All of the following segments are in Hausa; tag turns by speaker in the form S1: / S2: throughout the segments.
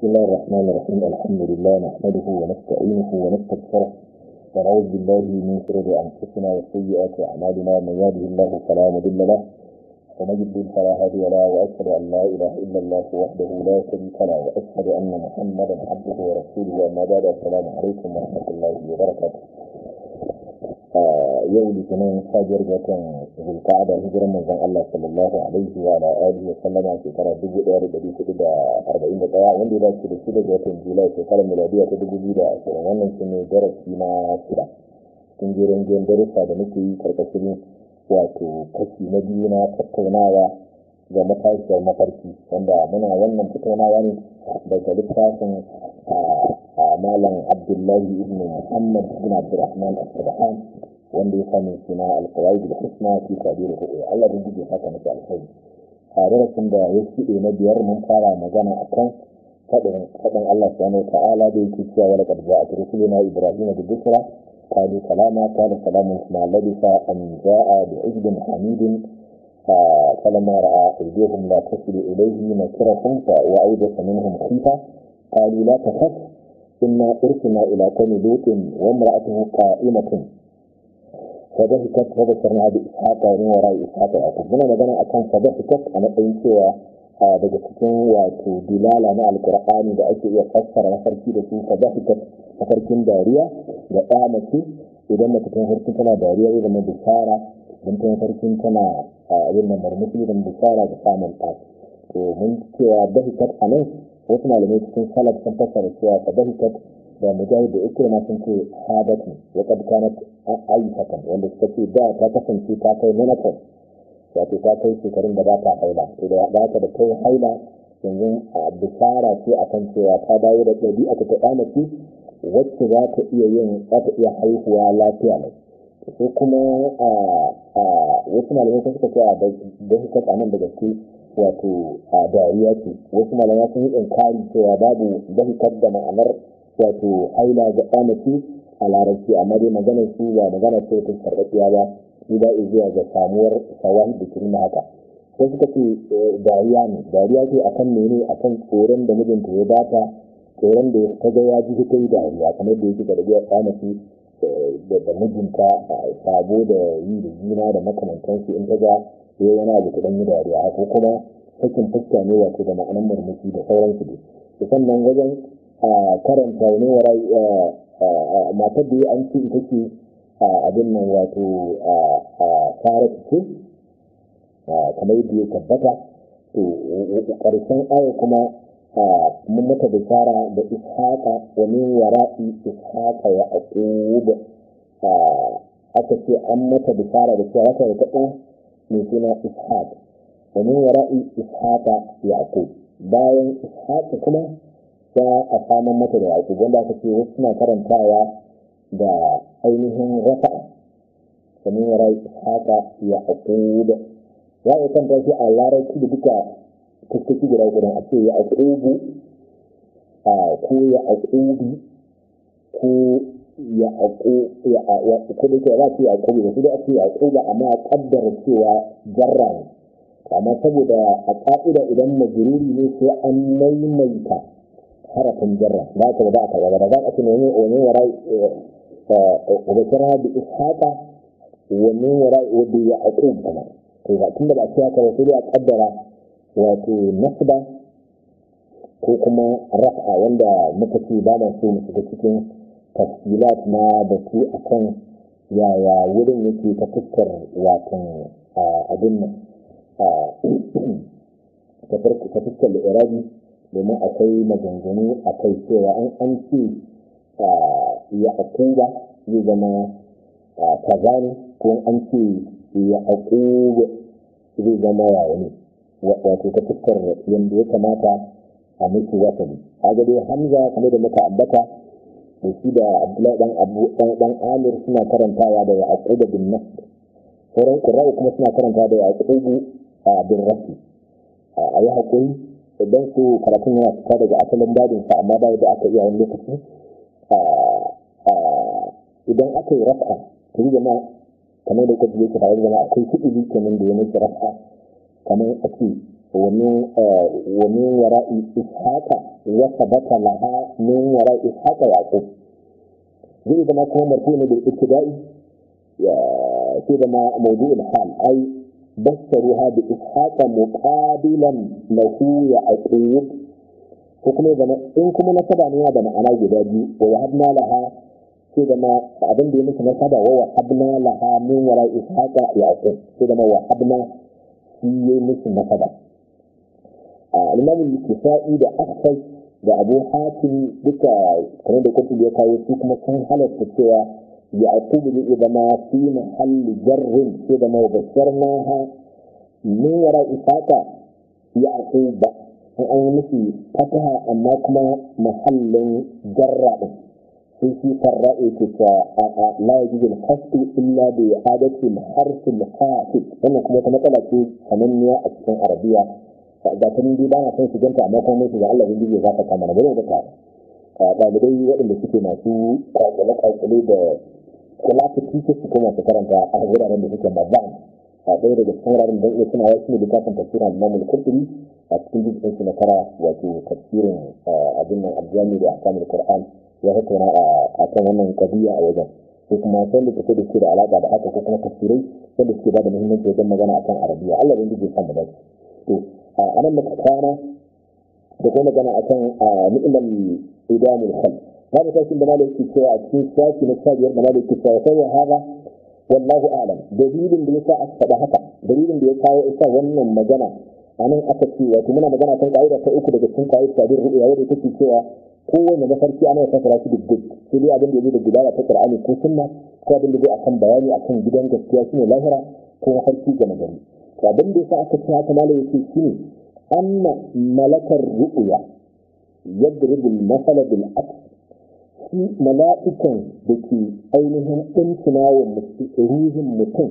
S1: بسم الله الرحمن الرحيم الحمد لله نحمده ونستعينه ونستغفره ونعوذ بالله من شرور انفسنا وسيئات اعمالنا من يهده الله فلا مضل له ومن يضلل فلا هادي له واشهد ان لا اله الا الله وحده لا شريك له واشهد ان محمدا عبده ورسوله اما بعد السلام عليكم ورحمه الله وبركاته آه yau litinin fajiyar watan da hijirar manzon Allah sallallahu alaihi wa alihi wa sallama shekara 1441 wanda ya dace da shida ga watan julai shekarar miladiya ta 2020 wannan shine darasi na shida cikin jerin jerin darussa da muke yi karkashin wato kashi na biyu na tattaunawa ga matashiyar mafarki wanda muna wannan tattaunawa ne daga littafin ah, ah, malam abdullahi ibn muhammad ibn abdurrahman al-sabhan wanda ya samu suna alƙawai da husna fi sabiru hudu Allah ya rubuta haka masa alƙawai a darasin da ya da na biyar mun fara magana akan faɗin faɗin Allah subhanahu wa ta'ala da yake cewa wala qad ja'a rusuluna ibrahim da bukra قالوا سلاما قال سلام ما لبث أن جاء بعجل حميد فلما رأى أيديهم لا تصل إليه نكرهم وأوجس منهم خيفة قالوا لا تخف إنا أرسلنا إلى قوم لوط وامرأته قائمة fadahikat fadakar na abu ishaka wani wara ishaka ya kuma muna magana a kan fadahikat a matsayin cewa daga cikin wato dilala na alkur'ani da ake iya fassara mafarki da su fadahikat mafarkin dariya da ɗa mace idan mace tun harkin tana dariya ya zama bishara don tun harkin tana yin da marmushi don bishara da samun ta to mun cewa dahikat a nan wasu malamai cikin salaf sun fassara cewa fadahikat da mujahid da ikrima sun ce hadatu wa qad kanat aisatan wanda suka ce da ta kasance ta kai menopause wato ta kai shekarun da ba ta haila to da ba ta da kai haila yanzu a bisara ce akan cewa ta dawo da a ta ɗana ce wacce za ta iya yin za ta iya haihuwa lafiya ne sai kuma wasu malamai sun suka ce a da suka nan da gaske wato a dariya ce wasu malamai sun yi inkari cewa babu dahikar da ma'anar wato haila ga ɗamaci a larabci amma dai maganar su ba magana ce ta karɓaɓɓiya ba su da zuwa ga samuwar sawan da kuma haka sai suka ce eh, dariya ne dariya ce akan mene akan tsoron da mijinta ya bata tsoron da ta ga ya ji ta yi dariya kamar da yake karɓi ɗamaci eh, da mijinta eh, sabo da yi da jina da makamantansu in ta ga sai wani abu ta dariya ko kuma sakin fuska ne wato da ma'anar murmushi da sauransu ne sannan wajen karanta wani warai matar da an ce ita ce abin nan wato fara ce kamar yadda ya tabbata to ƙarshen aya kuma mun mata bishara da wa wara'i ishaqa ya aka ce an mata bishara da cewa ta da mai suna ishaq wa min wara'i ishaqa ya aqub bayan ishaqa kuma ta a saman mata da yaƙi wanda aka ce wasu suna karantawa da ainihin rafa kamar ya rai haka ya da ya yi kanta shi a larabci da duka fuskoki guda guda a ce ya bu a ko ya bi ko ya ako ya ko da ke rafi ya bi da su da ake ya ba amma a kaddar cewa jarra ne amma saboda a ƙa'ida idan majiruri ne sai an maimaita حركه مجره لا تبعك ولا بدات من ومن وراء وبشرها باسحاق ومن وراء وبيعقوب كما اذا كنا الاشياء كوصولي اتقدر وفي نقبه كوكما رفع وندى مكتي بابا في مكتيكين تسجيلات ما بكي اكون يا يا ولن يكي تفكر واكن آه، اظن آه، تفكر لاراجي آه domin akwai maganganu a kai cewa an an ce ya akuba zai zama kaza ne ko an ce ya akuba zai zama yawa ne wato ta fuskar yadda ya kamata a wata ne a gado hamza kuma da muka ambata da shi da abdullahi dan abu dan amir suna karantawa da yaquba bin nasr sauran qurra'u kuma suna karantawa da yaqubu bin rafi a yi hakuri idan ku karatun yana fita daga asalin dajin sa amma bayan da aka iya wani lokaci idan aka yi rafa to yi jama'a kamar da kwaji yake faruwa jama'a akwai kuɗi kenan da yana rafa kamar a ce wani wara'i ishaka ya sabata laha min wara'i ya yaqub zai zama kuma marfu ne da ikidai ya sai da ma mawdu'ul ai bassaruha bi ishaqa muqabilan lahu ya aqib ko kuma zama in kuma na ne yana da ma'ana guda biyu wa wahabna laha sai da abin da ya musu na saba wa wahabna laha min wara ishaqa ya aqib sai da ma wahabna shi ya musu da da abu hatim duka kan da kotu ya kawo su kuma يعقوب إذا ما في محل جر إذا ما بشرناها من وراء إفاقة يعقوب أنا مثل فتها أماكما محل جر في في قراءة لا يجوز الحسب إلا بإعادة الحرف الحاسب أنا كما تمثل في ثمانية أسفن عربية فإذا كان دي بانا سنسي جنتا أماكما مثل الله يجوز إذا فتها من أبدا وبكار ɗalibai waɗanda suke masu kwakwale-kwakwale da kula ta kike su kuma su karanta a wuraren da suke mazan a ɗaya daga cikin wuraren da ya suna wasu ne littafin tafsirin al-mamul kurkuri a cikin jikin su na kara wato tafsirin eh, abin nan aljami da akamul qur'an ya hukuna a kan wannan kabiya a wajen ko kuma sai da take da shi da alaka da haka ko kuma tafsirai sai da suke ba da muhimmanci wajen magana akan arabiya Allah ya rike kan da to a nan muka kwana da kuma magana akan ni'mal eh, idamul khalq هذا تاكل بمال الكتاب كتاب كتاب بمال الكتاب فهو هذا والله أعلم دليل بيسا أكتب هكا دليل بيسا إسا ونن مجانا anan aka ce wato muna magana kan ka'ida ta uku daga cikin ka'ida ta bin ru'ya wadda take cewa kowanne mafarki ana fasara shi duk sai dai abin da yake da gudana ta Qur'ani ko sunna ko abin da zai akan bayani kan gidan gaskiya shine lahira ko mafarki ga magani to abin da aka ce haka malai yake shine anna malakar ru'ya shi mala'ikan da ke ainihin ɗinsunawa ruhin mutum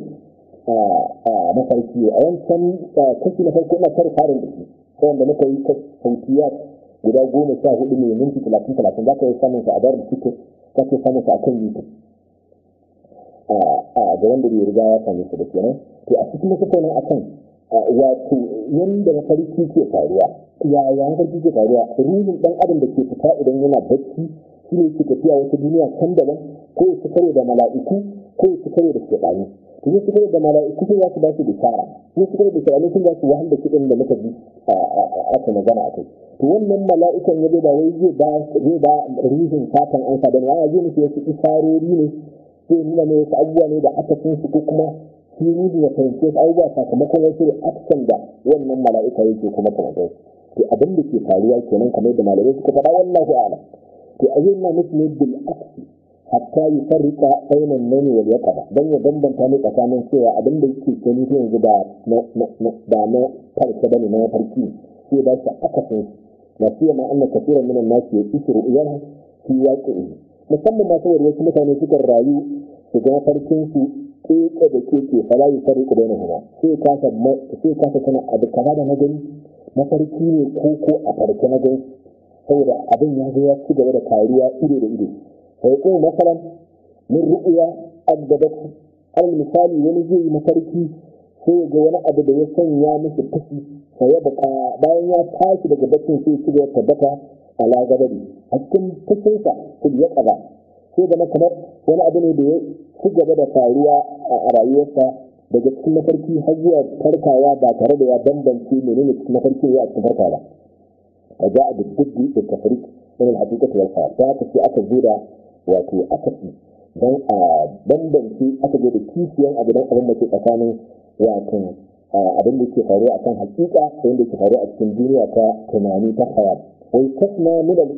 S1: a mafarki a wancan kashi na farko na kare karin da shi wanda muka yi saukiya guda goma sha hudu ne minti talatin talatin za ka yi samun sa a darin cikin za ka yi samun sa a kan youtube a ga wanda bai riga ya same su da kenan to a cikin wasu kwanan a kan wato yadda mafarki ke faruwa yaya mafarki ke faruwa ruhin dan adam da ke fita idan yana bacci shi ne yake tafiya wata duniya can daban ko su karo da mala'iku ko su karo da shaɗani to ya su karo da mala'iku sun za su ba su shara ya su karo da shaɗani sun za su wahala kiɗan da muka bi a ta magana a kai to wannan mala'ikan ya ba wai zai ba zai ba rihin fatan an sadan ya zai musu wasu isarori ne sai nuna ne wasu abubuwa ne da aka sun su ko kuma shi rihin da fahimce su abubuwa sakamakon wasu aksan da wannan mala'ika yake kuma kamar to abin da ke faruwa kenan kamar da malamai suka faɗa wallahi a'lam to a yi na nufi ne bil aksi hatta yi farrika bainan nani wal yaqaba dan ya bambanta ne tsakanin cewa abin da yake gani yanzu ba na ba na na farki sai ba shi aka san na fiye ma annan kafiran minan nasu ya ƙi ru'uyar fi yaƙi musamman masu saboda wasu mutane suka rayu su ga farkin su keke da keke fala yi fari ku bayan huma sai kasa sai kasa kana abu kaza da na gani mafarki ne ko ko a farke na gani saboda abin ya zo ya ci gaba da taruwa ido da ido sai ko masalan min ru'ya addabatu al misali wani zai yi mafarki sai ga wani abu da ya sanya miki kashi sai ya baka bayan ya tashi daga bakin sai ya ci tabbata ala gabari a cikin fushinsa sai ya kaba sai da kamar wani abu ne da ya ci gaba da faruwa a rayuwarsa daga cikin mafarki har zuwa farkawa ba tare da ya bambance menene cikin mafarkin ya a cikin farkawa وجاء بالضد والتفريق من الحقيقة والخيال فهذا في أكل جودة وفي أكل don a bambance aka je da kishiyan abu don abin da ke tsakanin wato abin da ke faruwa akan hakika yadda ke faruwa a cikin duniya ta tunani ta wai kasna min al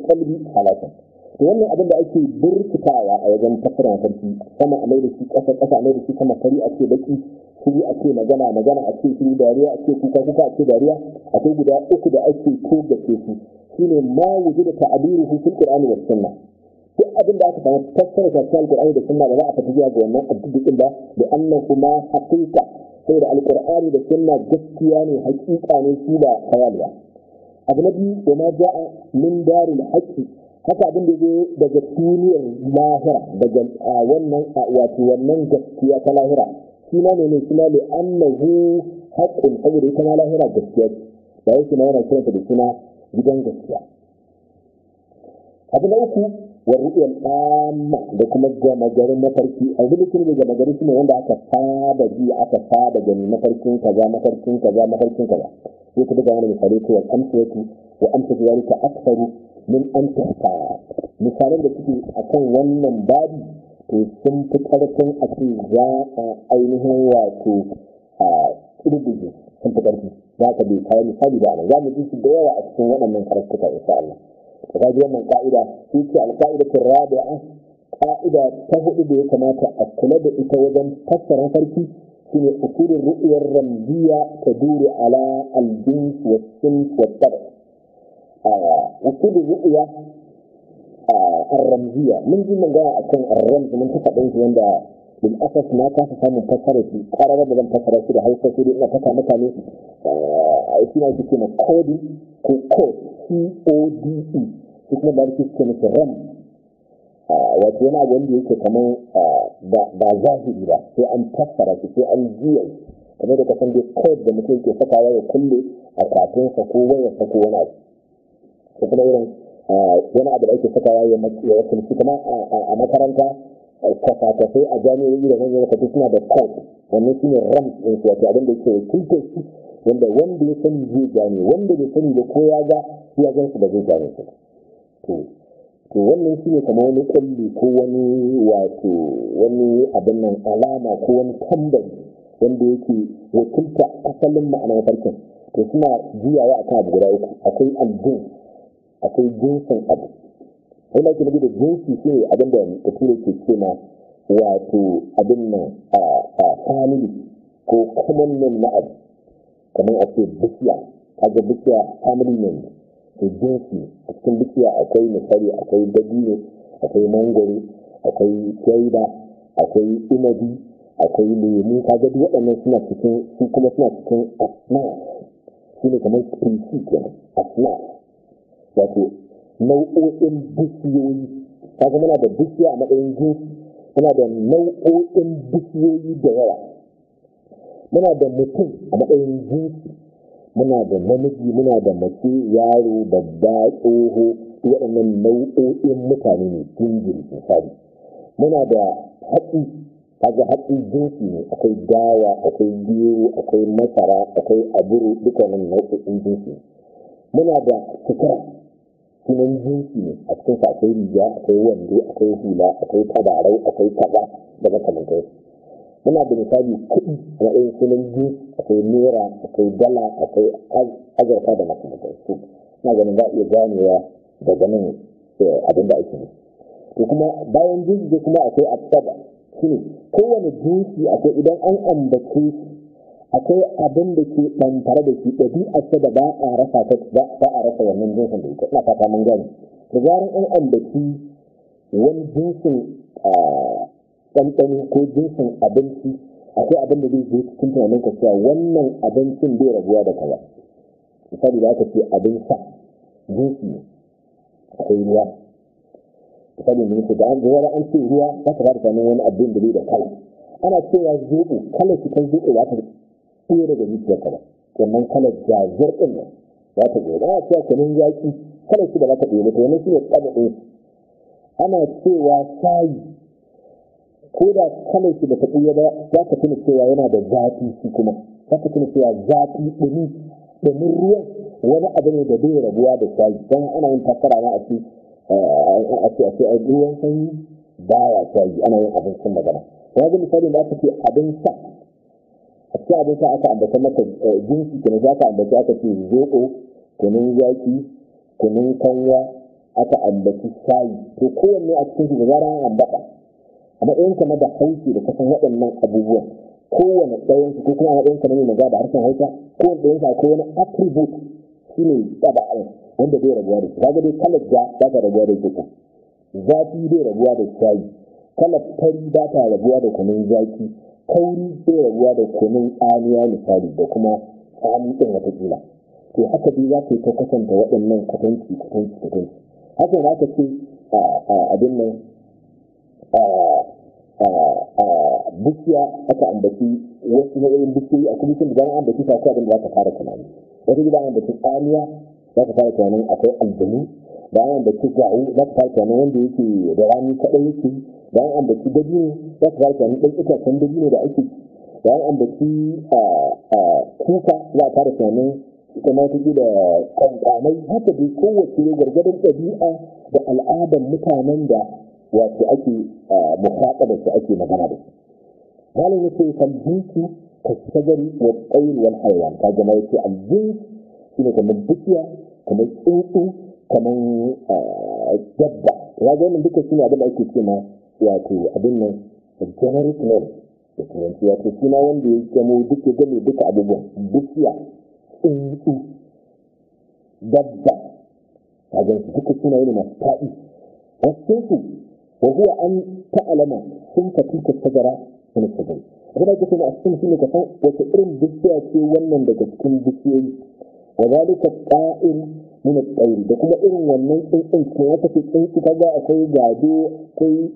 S1: wannan abin da ake burkutawa a wajen tafsirin sarki sama a da shi ƙasa ƙasa a da shi sama fari a ce baki shiru a ce magana magana a ce shiru dariya a ce kuka kuka a ce dariya akwai guda uku da ake ko da ke su shine ma wujuda ta'abiruhu fil qur'ani wa sunna duk abin da aka samu tafsirin cikin alqur'ani da sunna ba za a fita ga wannan addu'in ba da annahu ma haqiqa sai da alqur'ani da sunna gaskiya ne haƙiƙa ne shi ba khayal ba abu na biyu da ma ja'a min daril haqqi haka abin da zai daga duniyar lahira daga ah, wannan ah, wato wannan gaskiya ta lahira shi ma ne ne shi ma ne annahu haƙƙin saboda ita ma lahira gaskiya ba yake ma yana kiranta da suna gidan gaskiya abu na uku wa ru'yal amma da kuma gama garin mafarki a gudu kuma da gama garin shine wanda aka saba ji aka saba gani mafarkin kaza mafarkin kaza mafarkin kaza sai ku daga wani misali ko wa amsatu wa amsatu zalika aktsaru min an tahta misalan da suke akan wannan babu to sun fi ƙarfin a ce za a ainihin wato a ƙirgiji sun fi ƙarfi za ka bai kawo misali da ana za mu ji su da yawa a cikin waɗannan karatuka insha Allah da ga wannan ka'ida shi ce al-qa'idatu rabi'a ka'ida ta hudu da ya kamata a kula da ita wajen fassara farki shine usulur ru'yar ramziya ta dure ala al-jins wa usulun a ƙarramziya mun ji magana akan arramzi mun taɓa ɗin wanda bin asas na kasa samun fassara shi ƙararra da zan fassara shi da hausa su, da ina fata mutane a yi suna shi na kodi ko code c-o-d-e shi kuma da rikici ke shi ram wato yana wanda yake kamar ba zahiri ba sai an fassara shi sai an jiya kamar da kasan dai code da mutum ke sakawa ya kulle a kafinsa ko wayarsa ko wani abu ko kuma irin wani abu da ake sakawa ya wakilci kamar a makaranta kwafa-kwafai a jami'o'i da manyan kwafi suna da court wannan shine ram din su wato abin da yake wakilta su wanda wanda ya sani zai gane wanda bai sani ba ko ya ga ya gan su ba zai gane su to to wannan shine kamar wani kwalli ko wani wato wani abin nan alama ko wani tambari wanda yake wakilta asalin ma'anar farkin to suna juyawa a kan abu guda uku akwai aljin akwai jinsin abu wanda ake nabi da jinsi shi ne abin da tafiye ke ce ma wato abin nan a family ko common name na abu kamar a ce bishiya kaga bishiya family name to jinsi a cikin bishiya akwai misali akwai dabino akwai mangoro akwai kyaida akwai inabi akwai lemu kaga duk waɗannan suna cikin su kuma suna cikin asma shi ne kamar species kenan wato nau'o'in bishiyoyi kaga muna da bishiya a matsayin jinsi muna da nau'o'in bishiyoyi da yawa muna da mutum a matsayin jinsi muna da namiji muna da mace yaro babba tsoho waɗannan nau'o'in mutane ne jinjiri sabi muna da haƙi kaga haƙi jinsi ne akwai dawa akwai gero akwai masara akwai aburu duka nan nau'o'in jinsi muna da sutura sunan jinsi ne a cikin sa akwai riga akwai wando akwai hula akwai tabarau akwai kaza da makamantar muna da misali kuɗi a matsayin sunan jinsi akwai naira akwai dala akwai azurfa da makamantar su na ganin za a iya ganewa da ganin eh, abin da ake to kuma bayan jinsi kuma akwai shi ne kowane jinsi akwai idan an ambace akwai abin da ke ɗantare da shi ɗabi'arsa da ba a rasa ta ba a rasa wannan jinsin da ita ina fata mun gani da zarar an ambaci wani jinsin ɗanɗano ko jinsin abinci akwai abin da zai je cikin tunanin ka cewa wannan abincin bai rabuwa da kaza misali da aka ce abin sa jinsi akwai ruwa misali mun ce da an zuwa an ce ruwa za ka ba da wani abin da bai da kala ana cewa zobo kala shi kan zoɓo za ta ɗaya daga zuciyarka kama, sannan kalar jazir ɗin nan za ta gobe a cewa kunun yaƙi kalar shi ba za ta ɗaya ba wani shi ne ɗaya ana cewa shayi ko da kalar shi ba ta ɗaya ba za ka tuna cewa yana da zafi shi kuma za ka tuna cewa zafi ɗumi domin ruwan wani abu ne da bai rabuwa da shayi don ana yin takara na a ce eh, a ce a ce a ruwan sanyi ya shayi ana yin abincin magana ya misali da aka ce abin sha a cikin abin sa aka ambata maka eh, jinsi kenan sai aka ambata aka ce zoɓo kunun zaki kunun kanwa aka ambaci shayi to kowanne a cikin shiga zara an ambata a matsayin kama da hauki da kasan waɗannan abubuwa kowane ɗayan su ko kuma a matsayin ka na mai da harshen hausa kowane ɗayan sa ko wani attribute ɗaba ɗaba'an wanda zai rabuwa da shi kaga dai kalar ja ba ta rabuwa da jika zafi zai rabuwa da shayi kalar tari ba ta rabuwa da kunun zaki kauri sai rabuwa da kunun tsamiya misali da kuma tsani ɗin watakila to haka dai za ka yi ta kasanta waɗannan kwatanci kwatanci kwatanci haka za ka ce abin nan bukiya aka ambaci wasu nau'in bukiyoyi a kuma da zama ambaci ta kwa da za ka fara tunani wata gida ambaci tsamiya za ka fara tunanin akwai aljanu da an ambaci gawo za ka fara tunanin wanda yake da rani kaɗai yake bayan ambaci dabino za ka fara tunanin ɗan itacen ne da ake bayan ambaci kuka za a fara sami ita ma da kwankwamai haka dai kowace gwargwadon ɗabi'a da al'adar mutanen da wato ake mukaɗa da su ake magana da su malam ya ce kan jinsu ka shagari wa ƙauri haiwan ka zama ya ce aljin shi ne kamar dukiya kamar tsuntsu kamar dabba ya ga wannan duka shi ne abin da ake ce ma wato abin nan generic name da turanci wato suna wanda ya kemo duk ya gane duka abubuwan dukiya tsuntsu dabba a gansu duka suna yi masu faɗi wasu su wa huwa an ta'alama sun fati ka tagara sun sabai abin da kusa a cikin shine ka san wata irin dukiya ce wannan daga cikin dukiyoyi wa zalika qa'im min at da kuma irin wannan tsuntsun ko wata tsuntsu kaga akwai gado akwai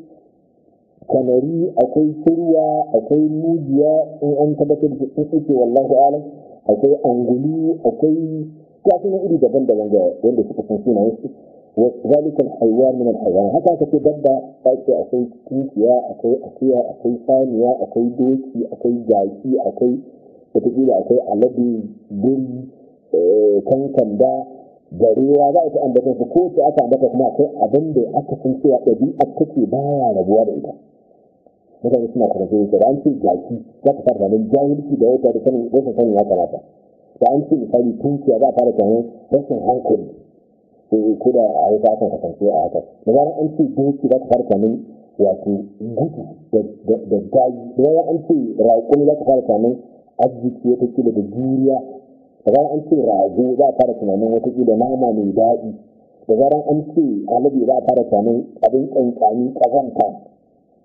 S1: kanari akwai kurwa akwai mujiya in an tabbatar da sun suke wallahu alam akwai angulu akwai kasuwa iri daban-daban ga wanda suka san sunayen su وذلك الحيوان من الحيوان haka aka ce dabba ake akwai tunkiya akwai akuya akwai saniya akwai doki akwai jaki akwai wataƙila akwai alade guri eh, kankanda garewa za a ci ambatan su ko ta aka ambata kuma akwai abin da aka san cewa ɗabi'a take baya rabuwa da ita mutane suna karatu da an ce gaki za ka fara ganin jahilci da wata da sanin rashin sanin ya kamata da an ce misali tunkiya za a fara ganin rashin hankali eh, ko da a yi akan kasance a haka da zarar an ce tunki za ka fara ganin wato gudu da gayi da zarar an ce raƙon za ka fara ganin arziki wata kila da juriya da zarar an ce rago za a fara tunanin wata kila nama mai daɗi da zarar an ce alabi za a fara tunanin abin ƙanƙani ƙazanta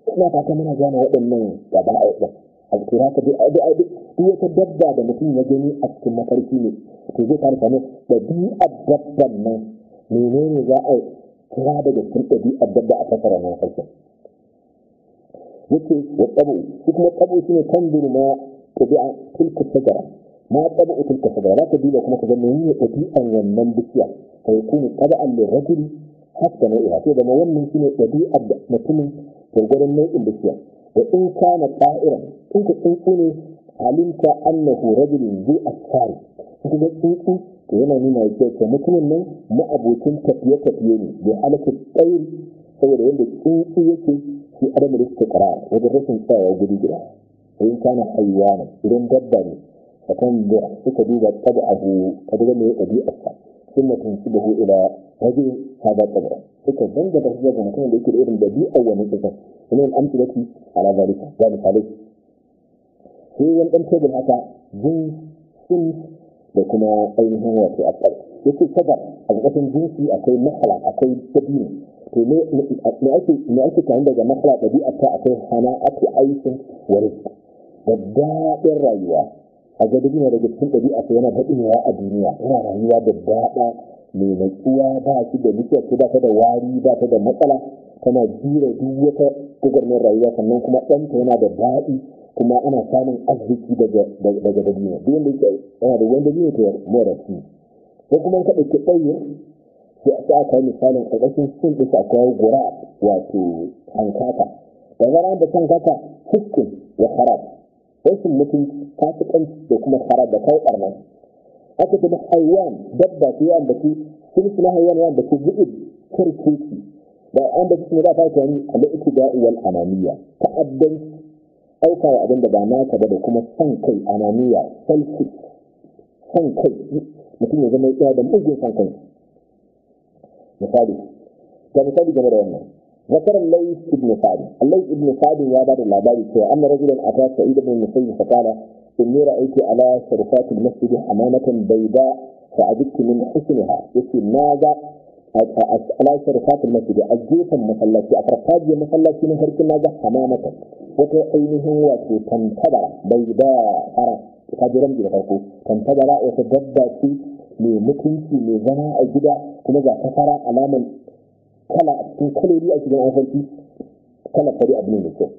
S1: ina fata muna gane waɗannan gaba a yadda a cikin haka duk wata dabba da mutum ya gani a cikin mafarki ne to zai fara samu ɗabi'ar dabban nan menene za a kira daga cikin ɗabi'ar dabba a fasara na mafarkin yake wa tsabu shi kuma tsabu shi ne tamburu ma ɗabi'a tilka shagara ma tsabu tilka shagara za ka duba kuma ka ga menene ɗabi'ar wannan bishiya fa yakunu tsabu'an lirrajuli haka nau'iha sai da wannan shine ɗabi'ar da mutumin gwargwadon nau'in bishiya da in kana ƙa'ira in ku tsuntsu ne halinta annahu rajulun zu asfari in ku tsuntsu to yana nuna yake ce mutumin nan ma'abocin tafiye-tafiye ne da halakar tsayin saboda yadda tsuntsu yake shi adam da suka ƙara wajen rashin tsayawa guri gida in kana idan dabba ne akan da suka duba tabu abu kaduga mai ɗabi'arsa sun mutum su da ila waje hada kabra suka zanga da hujja ga mutum da yake da irin dabi'a wannan kisa ina an amsalati ala zalika ya misalai sai wani dan tebur haka jin sun da kuma ainihin wato akal yake kaza a ƙarƙashin jinsi akwai mahala akwai dabino to me ne ake ne ake kan daga mahala dabi'a ta akwai hana ake aikin wani da daɗin rayuwa a ga dabino daga cikin dabi'a ta yana daɗewa a duniya yana rayuwa da daɗa mai uwa ba shi da likiyar ba ta da wari ba ta da matsala tana jira duk wata gugarmin rayuwa sannan kuma ɗanta yana da daɗi kuma ana samun arziki daga dabiya dabino duk wanda yake yana da wanda ne ta mora su ko kuma ka ɗauki ɗayin sai aka aka yi misalin ƙarƙashin sun ɗin akwai gura wato hankata da zara da hankaka hukun wa harab rashin mutunci ɗan da kuma harab da kai ɓarnar aka kuma haiwan dabba ce ya ambaci sun suna haiwan da ambaci bu'ud kurkuki da an da kuma da fara a al-iktida wal ananiya ta'addan auka wa abin da ba naka ba da kuma san kai ananiya selfish son kai mutum ya zama ya da mugun san kai misali ga misali game da wannan ذكر الليث بن سعد الليث بن سعد يا بعد العبادي أن رجلا أتى سعيد بن المسيب فقال إني رأيت على شرفات المسجد حمامة بيضاء فعجبت من حسنها يقول ماذا على شرفات المسجد أجيبا مسلاتي أفرقاج مسلاتي من هرك ماذا حمامة وتعينه وتنتظر بيضاء أرى تقدر أمجي لغيره تنتظر وتدبى في mai mutunci mai zama a gida kuma ga ta fara alaman kala a cikin kaloli a cikin afarki kala fari abu ne mai kyau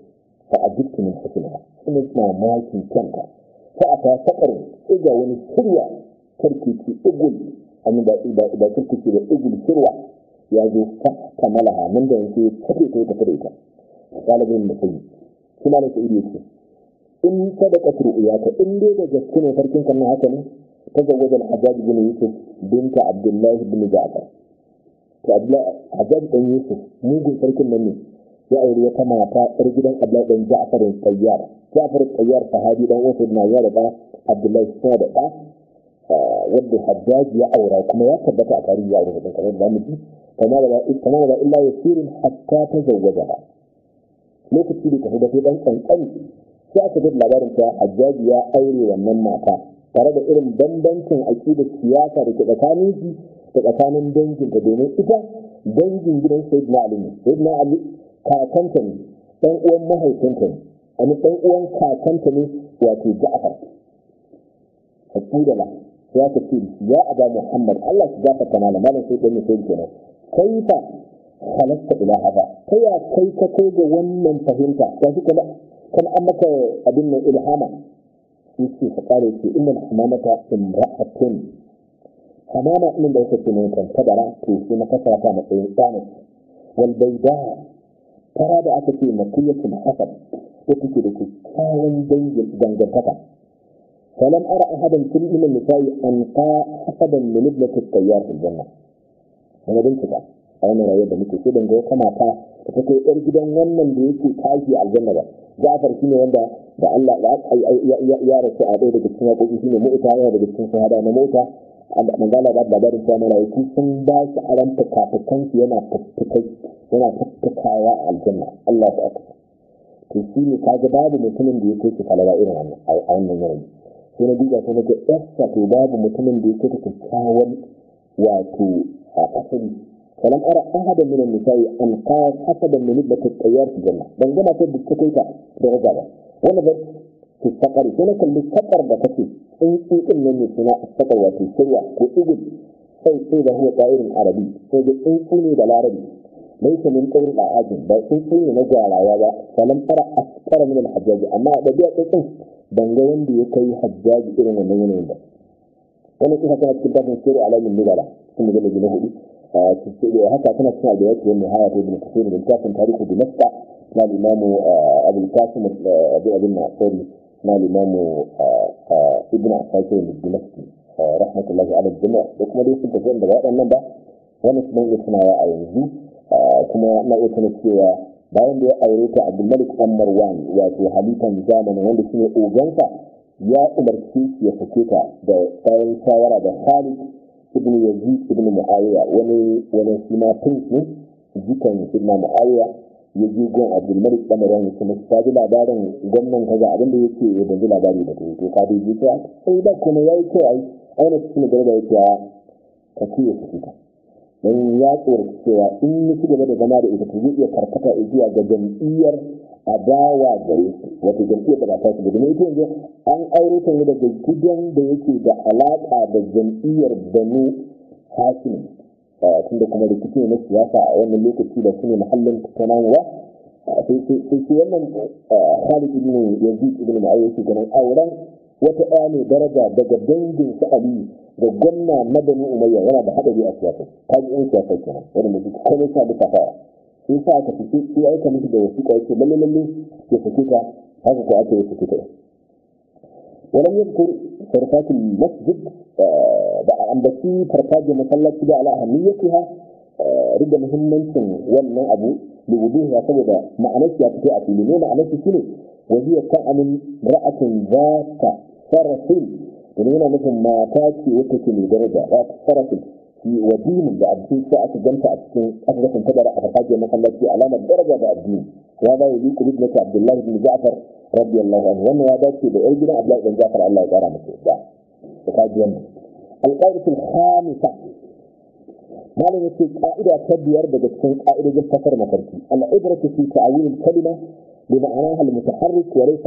S1: fa a jikin tunin hakina ina mamakin kyanta fa a ta sakar tsiga wani shirya tarkici igul an ba ba tarkici da igul shirya ya zo fa kamalaha nan da yanzu kafe ta tafi da ita galibin da sai kuma da sai yake in sadaka ru'yaka in dai da gaske ne farkin kan haka ne tazawwaja al-hajjaj bin yusuf binta Abdullahi bin ja'far to Abdullahi ɗan Yusuf mugun sarkin nan ne ya aure wata mata ɗar gidan Abdullahi ɗan Ja'far Tsayyar Ja'far Tsayyar sahabi ɗan Usaid na ya da Abdullahi sai da ɗa wanda Hajjaj ya aura kuma ya tabbata a tarihi ya aure da kamar da mutum kama da kama da illa yasirin hatta ta zawwaja lokaci da tafi da ɗan kankani sai aka ji labarin cewa Hajjaj ya aure wannan mata tare da irin bambancin aƙidar siyasa da ke tsakanin shi ta tsakanin danginta domin ita dangin gidan na alimi sai na ali kakanta ne dan uwan mahaifinta ne wani dan uwan kakanta ne wato ja'far faqila ya ta ce ya aba muhammad allah ki gafarta mana malam sai dan sai kenan kaifa halatta ila hada kai ya kai ka kai ga wannan fahimta ya shi kuma kan an maka abin nan ilhama yace fa kare ce innal hamamata imra'atun amma mun da yake cikin kanta da ran na kafa ta matsayin tsani wal bayda fara da aka ce na kulli kuma hakan ko kike da ku kawai dan dan da ta fa lam ara ahadan kulli min nisa'i an ka hada min liblati tayyar al janna wala din ka amma rayu da muke cikin go kama ta ta yar gidan wannan da yake taji a janna ba Ja'afar shi ne wanda da Allah ya rasu a ɗaya daga cikin waƙoƙi shi ne mu'uta yana daga cikin sun na mota manzala ba labarin sa malaiku sun ba shi aran fukafukan shi yana fuffukai yana fuffukaya aljanna Allah ta aka to shi ne kaga babu mutumin da ya kai shi falala irin wannan a wannan yanayi sai na duba sai nake yassa to babu mutumin da ya kai kyakkyawan wato a asali kalam ara ahadan min an-nisa'i an ka hasaban min ibati tayyar janna ban gama ta da kai ta da gaba wannan ba ki sakari sai na kalli sakar da kake in tsuntsun nan ne suna asakar wato shirya ko igul sai sai da huwa ƙa'irin arabi sai da tsuntsu ne da larabi laisa min qawli ajin ba tsuntsu ne na gwarawa ba salam fara askara min al-hajjaji amma a dabi'a tsuntsun ban ga wanda ya kai hajjaji irin wannan yanayin ba wannan kisa tana cikin tafin sirri alamin nubala cikin mujallaji na hudu haka tana cikin albiyaki wani haya ta ibn kasir da littafin tarihi dimashqa na al-imamu abul qasim abin na sori na mu ibn asakir mujinaki rahmatullahi ala jami'a da kuma dai sun tafi da waɗannan ba wani su nan suna ya a yanzu kuma na iya tana cewa bayan da ya aure ta abdulmalik dan marwan wato halitan zamanin wanda shine ogansa ya umarci ya sake ta da bayan shawara da khalid ibn yazid ibn muawiya wani wani shi ma prince jikan ibn muawiya ya je gon abdulmalik ɗamarin ya kuma ta ji labarin gwamnan kaza abin da ya ce ya banzu labari da ta yi ka dai ji ta sai da kuma ya yi kyau ai aina cikin gaba da yake ya kaci ya fita don ya tsoron cewa in ya ci gaba da zama da ita ta iya karkata zuwa ga jam'iyyar adawa gare su wata jam'iyyar da ba ta shiga domin ita yanzu an aure ta ne daga gidan da yake da alaƙa da jam'iyyar banu hashim tunda kuma rikici ne na siyasa a wannan lokaci da su ne muhallin tattaunawa sai shi wannan khalid ne yanzu, ibn mu'ayyid yake ganin auren wata ɗaya ne daraja daga dangin su ali da gwamna na bani umayya yana da hadari a siyasa ta ji yan siyasa kenan wani mai duk komai sa duka fara, sai sa aka fi sai aika musu da wasu ƙwaike lalle lalle ya sake ta haka ko ake wasu sake ولم يذكر تركات المسجد آه، عن بسي تركات المصلى تدع على أهميتها آه، مهم مهمة ومن أبو لوجوهها مع معناك يا تفئة مع معناك سنو وهي تعمل امرأة ذات فرس هنا مثل ما تاتي وتكي الدرجة ذات فرس ودين ده أبدي ساعة الجنة أبدي أبدي كنتدر أبقاج مثلا لكي علامة درجة ده أبدي وهذا يليك ابنة عبد الله بن جعفر رضي الله عنه وانه هذا في بأيدنا عبد الله بن جعفر الله يجارى مثل ده أبقاج يمن القائدة الخامسة ما لم يكن قائدة كد يربى جسين قائدة جسين فتر مفرتي العبرة في تعويل الكلمة بمعناها المتحرك وليس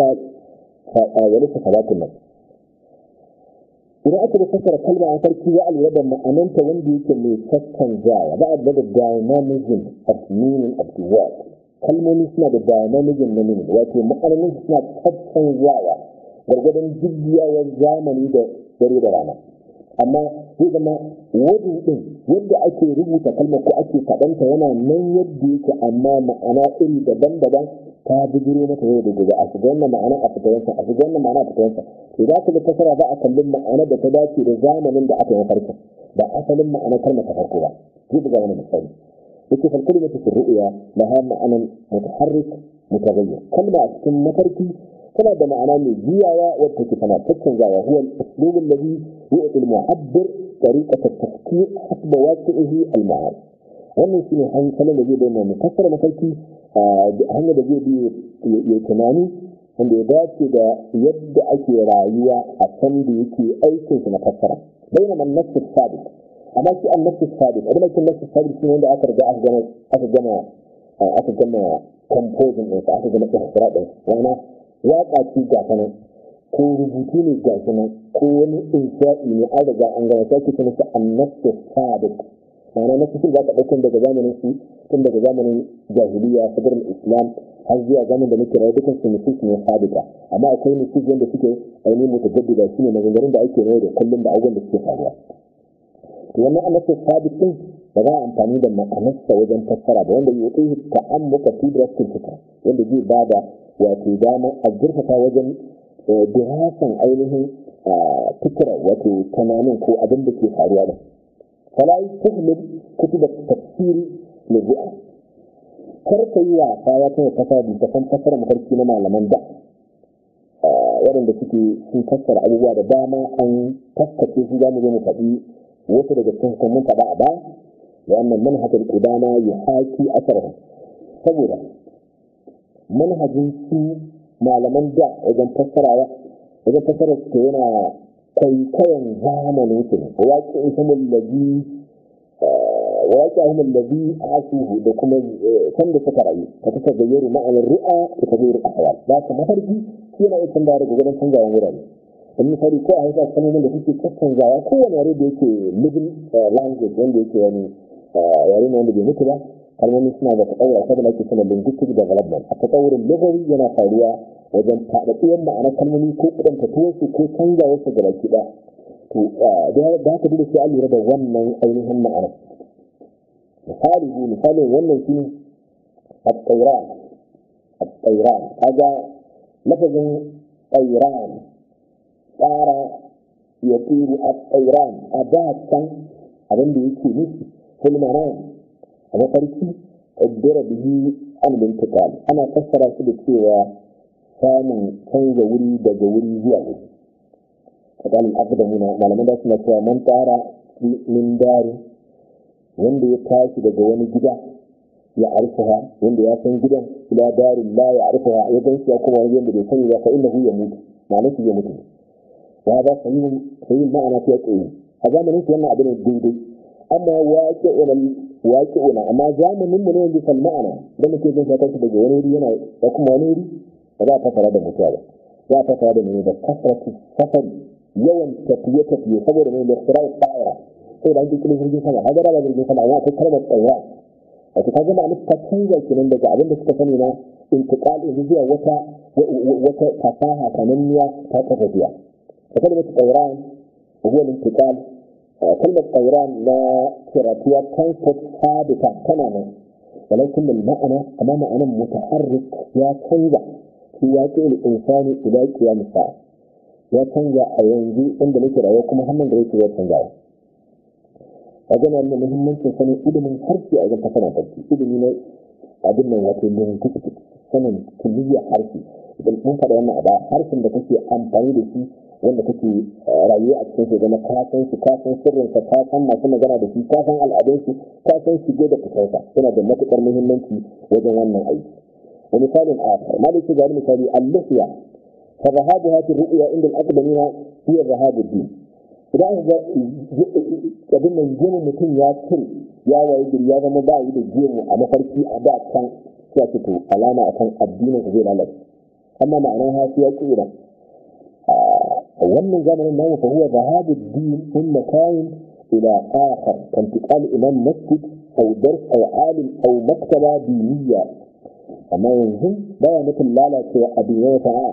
S1: وليس ثلاث النفس idan aka da fassara kalma a farki ya alwa ma'ananta wanda yake mai kakkanzawa za a da dynamism of meaning of the word kalmomi suna da dynamism na meaning wato ma'anonin suna kakkanzawa gargadon jujjuyawar zamani da dare da rana amma zai zama wajen din yadda ake rubuta kalmar ko ake kaɗanta yana nan yadda yake amma ma'ana iri daban-daban ta bijiro mata yau da gobe a shiga wannan ma'anar a fitayensa a shiga wannan ma'anar a fitayensa to za ku fassara ba a kallon ma'anar da ta dace da zamanin da aka yi farko ba asalin ma'anar kalmar ta farko ba ku buga wani misali yake fal kalimatu fi ru'ya laha ma'anan mutaharrik mutaghayyir kalma a cikin mafarki tana da ma'ana mai juyawa wadda ke tana tattanzawa huwa al-uslub alladhi yu'ti al-mu'abbir طريقة التفكير حسب واقعه المعارف wannan shine hankalin da zai bayyana mu fassara mafarki a hanyar da zai bi ya tunani wanda ya dace da yadda ake rayuwa a can da yake aikin su na fassara bayyana man sabis. sabit amma shi an nasu sabis? abin da ke nasu sabis shi wanda aka riga aka gama aka gama aka composing ɗinsa aka gama tsara ɗinsa wannan waƙa ce ga sanan ko rubutu ne ga sanan ko wani insha'i ne an riga an gama sai ke sanar an annasu sabis. ma'ana na kusur za ka ɗaukun daga zamanin su tun daga zamanin jahiliya sabirin islam har zuwa zamanin da muke rayu dukkan su nusus ne sabita amma akwai nusus wanda suke ainihin mutagaddida shi ne maganganun da ake rayu da kullum da abubuwan da suke faruwa to wannan annabi sabitin ba za a amfani da ma'anarsa wajen fassara ba wanda ya kai ta'ammuka tidrastin fika wanda zai ba da wato a zurfafa wajen eh, dirasan ainihin ah, tukura wato tunanin ko abin da ke faruwa ba. فلا يستهمل كتب التفسير للرؤى karka yi wasa ya kai kasa bi ta san kasar mafarki na malaman da waɗanda suke sun kassara abubuwa da dama an kaskace su za mu zo mu faɗi wasu daga cikin hukumun faɗa a ba da annan manhajar kudana ya haki asarhu saboda manhajin su malaman da wajen fassarawa fassarar su yana kwaikwayon zamanin su waƙi ihimul labi eh, waƙi ihimul labi da kuma can eh, da suka rayu ka ta yaro ma'anar ru'a ka tagayyaru ahwal za ka mafarki shi yana yi canza daga gudan canzawan wurare in misali ko a yi hausa kalmomin da suke zawa kowane yare da yake living eh, language wanda yake wani yare na wanda bai mutu ba kalmomi suna da tsawon saboda da ake sanar linguistic development a tsawurin lugawi yana faruwa wajen faɗaɗuwar ma'anar kalmomi ko kuɗantatuwarsu ko canza wasu ga baki ɗaya to eh, da haka dole sai an lura da wannan ainihin ma'anar misali misalin wannan shi ne الطيران الطيران هذا لفظ طيران طار a الطيران أداة abin da yake nufi fulmaran a mafarki ƙaddara biyu an bintikal ana kasara su da cewa samun canza wuri daga wuri zuwa wuri kaɗan abu da muna malamai da suna cewa man tsara min dari wanda ya tashi daga wani gida ya arfaha wanda ya san gidan ila darin la ya arfaha ya gan shi ya kuma wani yadda bai sani ba fa innahu ya mutu ma'ana shi ya mutu ya ba sahihin ma'ana fiye ya tsaye a zamanin su wannan abin daidai amma waƙe irin waƙe ina amma zamanin mu ne yanzu kan ma'ana da muke jin sakar tashi daga wani yana da kuma wani wuri ba za a fasara da mutuwa ba za a fara da ne da kasratu safari yawan tafiye tafiye saboda ne da tsirai tsara sai da ake kuma jirgin sama hajjara da jirgin sama ya akwai kalmar tsaya a cikin gama a nufi tafiya kenan daga abinda suka sani na intiƙal yanzu zuwa wata wata fasaha sananniya ta tafiya a kalmar a هو الانتقال kuma tsauran na kiratiya kan kuka da kankana ne walaikun ma'ana amma ma'anan mutaharrik ya canza shi ya ce ne insani ila kiya nufa ya canza a yanzu inda nake rayuwa kuma hannun da yake ya canza wa a gana mai muhimmancin sani ilimin harshe a yanzu kasa na tafi ilimi na abin nan wato ne kuka sanin kuliyar harshe idan kun faɗa wannan a ba harshen da kuke amfani da shi wanda kake eh, rayuwa a cikin su zama ka san su kasan sirrin ka masu magana da shi kasan san al'adun su kasan san da fitar sa yana da matukar muhimmanci wajen wannan aiki wa misalin akhar maliki ga misali al-lihya fa zahabuha fi ru'ya inda al-aqdamiya fi zahabu din idan ga eh, abin nan gemu mutum ya cire ya waye gari ya zama ba yi da gemu a mafarki a da can ya fito alama akan addinin zai lalata. amma ma'anar hafi ya tsira a wannan zamanin namu fa huwa zahadu din thumma kayin ila akhar kan tiqal imam masjid aw dars aw alim aw maktaba diniya amma yanzu baya mutum lalacewa abin yau ta'a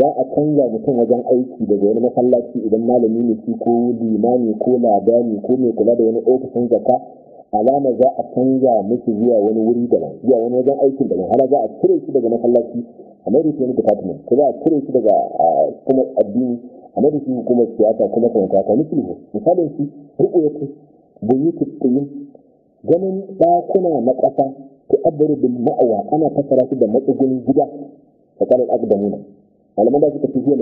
S1: za a canza mutum wajen aiki daga wani masallaci idan malami ne shi ko limami ko labani ko mai kula da wani ofishin zakka alama za a canza musu zuwa wani wuri daban zuwa wani wajen aikin daban hala za a cire shi daga masallaci american department ko a kire shi daga kuma addini a hukumar siyasa kuma kan kaka ni ne misalin shi riko ya ce bunyi kuskuri ganin ɗakuna na ƙasa ta abbaru bin ma'awa ana fassara shi da matsugun gida a ƙarar agdamuna malaman da suka fi zuwa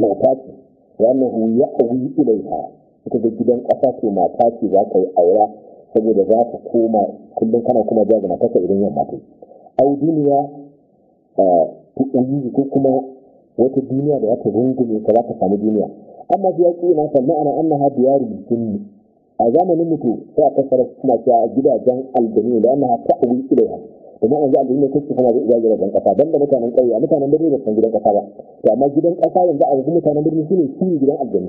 S1: da tafi wannan hu ya annahu yi awi ha ita da gidan ƙasa ce ma tafi za ka yi aura saboda za ka koma kullum kana kuma jazana kasa idan yamma ta yi au duniya tuɗin ko kuma wata duniya da wata rungume ka za ka samu duniya amma biya ƙi na fa ma'ana annaha diyarul jinni a zamanin mutu sai a kasar kuma cewa gidajen aljanu da annaha ta'wi ilaiha domin yanzu aljanu ne kuke kana da iya gidajen ƙasa. dan da mutanen ƙauye mutanen birni da san gidan ƙasa ba to amma gidan ƙasa yanzu a yanzu mutanen birni shine shi gidan aljanu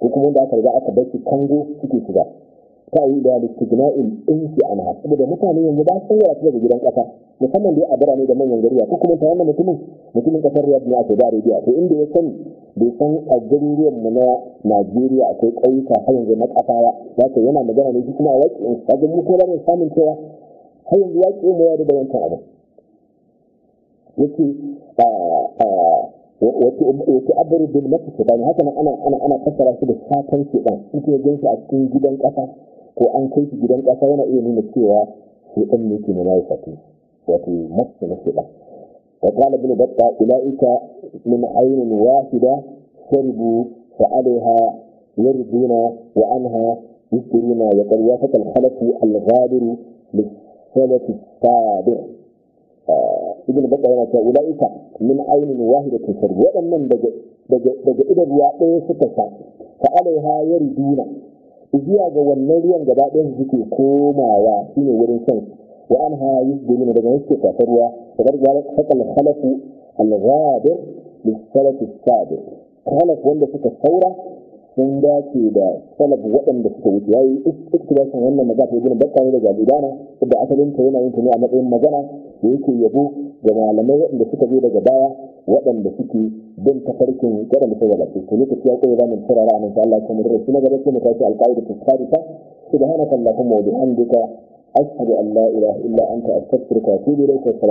S1: ko kuma wanda aka riga aka bar shi kango suke shiga yi da tigna'il a anha saboda mutane yanzu ba yi yara daga gidan kafa. musamman dai a birane da manyan gariya ko kuma ta wannan mutumin mutumin ƙasar Riyadh ne a Saudi biya to inda ya sani bai san a garuruwan mu na Najeriya akwai ƙauyuka har yanzu na kasa ba zaka yana magana ne kuma a waƙi in kaga mu ko ne samun cewa har yanzu waƙi mu ya da wancan abu yake a a wace abubuwan mafi su haka nan ana ana fassara shi da satan ke ɗan in ke gansu a cikin gidan ƙasa ko an kai gidan kasa yana iya nuna cewa shi dan ne ke nuna ya wato masu na shiɗa وقال ابن بطة أولئك من عين واحدة شربوا فعليها يردون وعنها يسرون وقد وافق الخلف li salati الصابر ibn bakar yana cewa ila'ika min ainin wahida sharbu wadannan daga daga idan ruwa ɗaya suka sa fa alaiha yarduna zuwa ga wannan ruwan gaba ɗayan suke komawa shine wurin san wa anha yusbilu daga nan suke tafar ruwa kamar ga hakal khalafu al-ghadir lis-salaf as-sabiq khalaf wanda suka saura sun dace da salaf waɗanda suka wuce ya yi ikhtilafin wannan magana ta gudun bakka ne daga gudana da asalin ta yana yin ta ne a matsayin magana da yake yabo ga malamai waɗanda suka zo daga baya waɗanda suke bin tafarkin waɗanda suka gabace su lokaci ya koyi zamu tsara ra'a insha Allah kuma da kuma gaba kuma ta ce da ta tsarika subhanaka allahumma wa bihamdika ashhadu an la ilaha illa anta astaghfiruka wa atubu ilayka